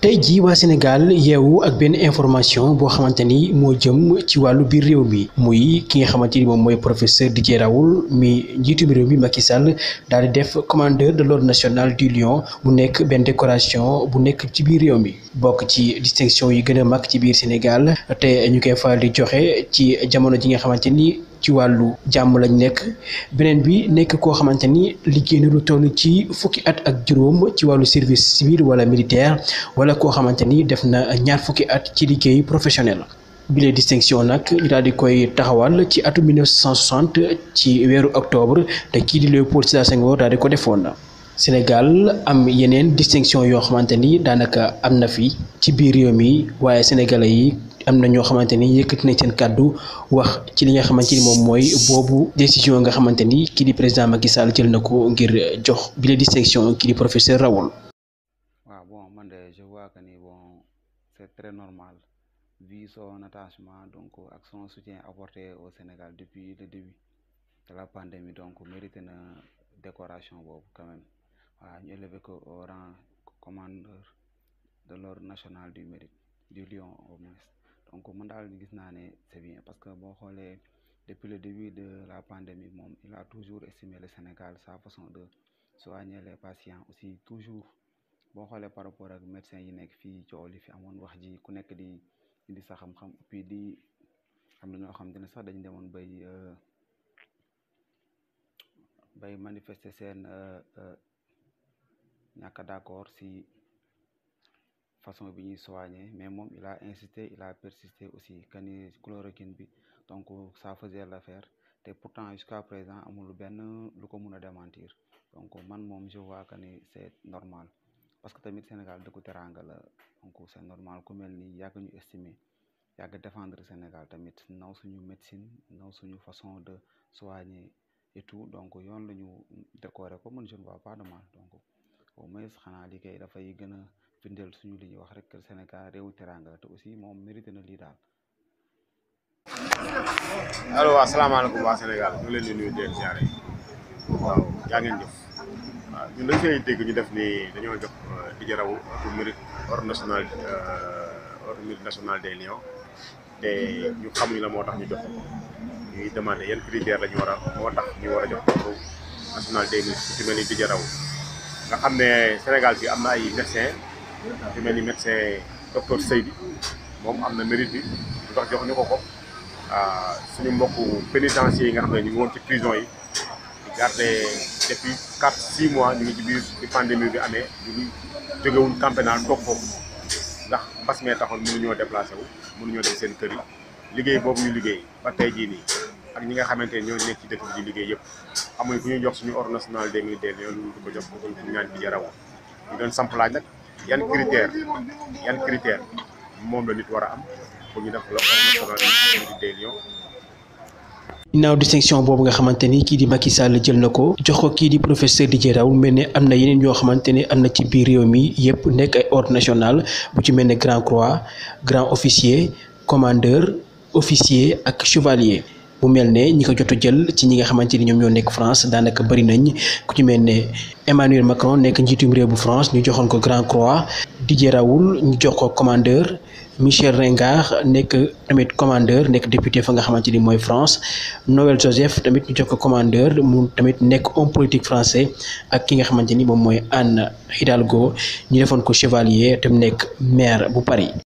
tey jii waa Sénégal yeewu ak benn information boo xamante ni moo jëm ci wàllu biir réew mi muy ki nga xamante ni moom mooy professeur Didier Raoult mi njiitu réew mi Macky Sall daal di def commandeur de l'ordre national du Lion bu nekk benn décoration bu nekk ci biir réew mi bokk ci distinction yi gën mag ci biir Sénégal te ñu koy faral di joxe ci jamono ji nga xamante ni. ci wàllu jàmm lañu nekk beneen bi nekk koo xamante ni liggéey na lu toll ci fukki at ak juróom ci wàllu service civil wala militaire wala koo xamante ni def na ñaar fukki at ci liggéey professionnel. bile distinction nag ñu daal di koy taxawal ci atum 1960 ci weeru octobre te kii di Léopold Sédar Senghor daal di ko defoon. Sénégal am yeneen distinction yoo xamante ni daanaka am na fi ci biir réew mi waaye sénégalais yi am na ñoo xamante ni yëkkati nañ seen kàddu wax ci li nga xamante ni moom mooy boobu décision nga xamante ni kii di président Macky Sall jël na ko ngir jox bi la distinction kii di professeur Raoul. waaw bon man de je vois que ni bon c'est très normal vu son attachement donc ak son soutien apporté au Sénégal depuis le début de la pandémie donc mérité na décoration boobu quand waaw ñu élevé ko au commandeur de l'ordre national du mérite du lion au moins donc man daal gis naa ne c'est bien parce que boo xoolee depuis le début de la pandémie moom il toujours estimé le Sénégal sa façon de soigner les patients aussi toujours boo xoolee par rapport ak médecin yi nekk fii coow li fi amoon wax ji ku nekk di indi sa xam-xam puis di xam na ñoo xam ne sax dañ demoon bay euh, bay manifester seen euh, euh, ñàkk a d'accord si façon bi ñuy soigner mais moom il a insisté il a persisté aussi que ni chloroquine bi donc ça faisait l'affaire te pourtant jusqu'à présent amul benn lu ko mun a démentir donc man moom je vois que ni c'est normal parce que tamit Sénégal dëkku teranga la donc c'est normal ku mel ni yàgg ñu estimer yàgg défendre Sénégal tamit naw suñu médecine naw suñu façon de soigner et tout donc yoon la ñu décorer ko man je ne pas de donc au moins xanaa li kay dafay gën a firndeel suñu li wax rek Sénégal réewu teranga te aussi moom mérité na li daal. allo asalaamaaleykum waa Sénégal ñu leen di nuyu di leen ziare waaw jaa ngeen jëf waaw ñun dañu fay dégg ñu def ni dañoo jox euh, Didier Raoult pour mérite ordre national euh, ordre mérite national des Lions te ñu xamuñu la moo tax ñu jox ko ñuy demandé yan critères la ñu war a moo tax ñu war jox ordre national des Lions ci mel ni Didier Raoult nga xam ne Sénégal bi am na ay médecin yu mel ni médecin docteur Seydi moom am na mérite bi lu tax jox ñu ko ko ah, suñu mbokku pénitencier yi nga xam ne ñu ngi woon ci prison yi di garde depuis 4 6 mois ñu ngi ci biir bi pandémie bi amee ñu ngi jógewuñ campénal toog foofu ndax mbas mee taxoon mënuñoo déplacé wu mënuñoo dem seen kër yi liggéey boobu ñu liggéey ba tey ak ñi nga xamante ne ñoo nekk liggéey yëpp amuñ ku jox suñu ordre national des militaires yoon ñu ko jox ko ñaan bi jaraw war a am ñu def la ordre national distinction boobu nga xamante ni kii di Macky Sall jël na ko jox ko kii di professeur Didier Raoult mel ne am na yeneen yoo xamante ne am na ci biir réew mi yëpp nekk ay ordre national bu ci mel ne grand croix grand officier commandeur officier ak chevalier. bu mel ne ñi ko jot jël ci ñi nga xamante ni ñoom ñoo nekk France daanaka bëri nañ ku ci mel ne Emmanuel Macron nekk njiitum réew bu France ñu joxoon ko Grand Croix Didier Raoult ñu jox ko commandeur Michel Ringard nekk tamit commandeur nekk député fa nga xamante ni mooy France Noël Joseph tamit ñu jox ko commandeur mu tamit nekk homme politique français ak ki nga xamante ni moom mooy Anne Hidalgo ñu defoon ko chevalier te mu nekk maire bu Paris.